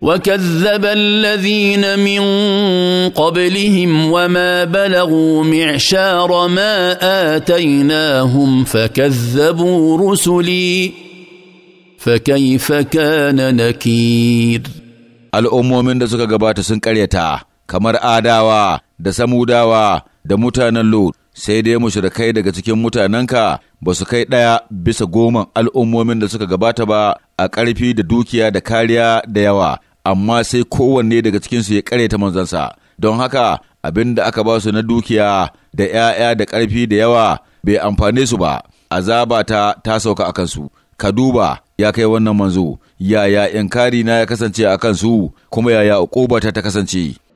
وكذب الذين من قبلهم وما بلغوا معشار ما اتيناهم فكذبوا رسلي فكيف كان نكير al'ummomin da suka gabata sun ƙaryata kamar adawa da samudawa da mutanen lut sai dai mushrikai daga cikin mutanenka ba su kai ɗaya bisa goman al'ummomin da suka gabata ba a ƙarfi da dukiya da kariya da yawa amma sai kowanne daga cikinsu ya ta manzansa don haka abin da aka ba su na dukiya da ‘ya'ya da ƙarfi da yawa bai amfane su ba azaba ta ta sauka a kansu ka duba ya kai wannan manzo yaya inkari na ya kasance a kansu kuma yaya ta kasance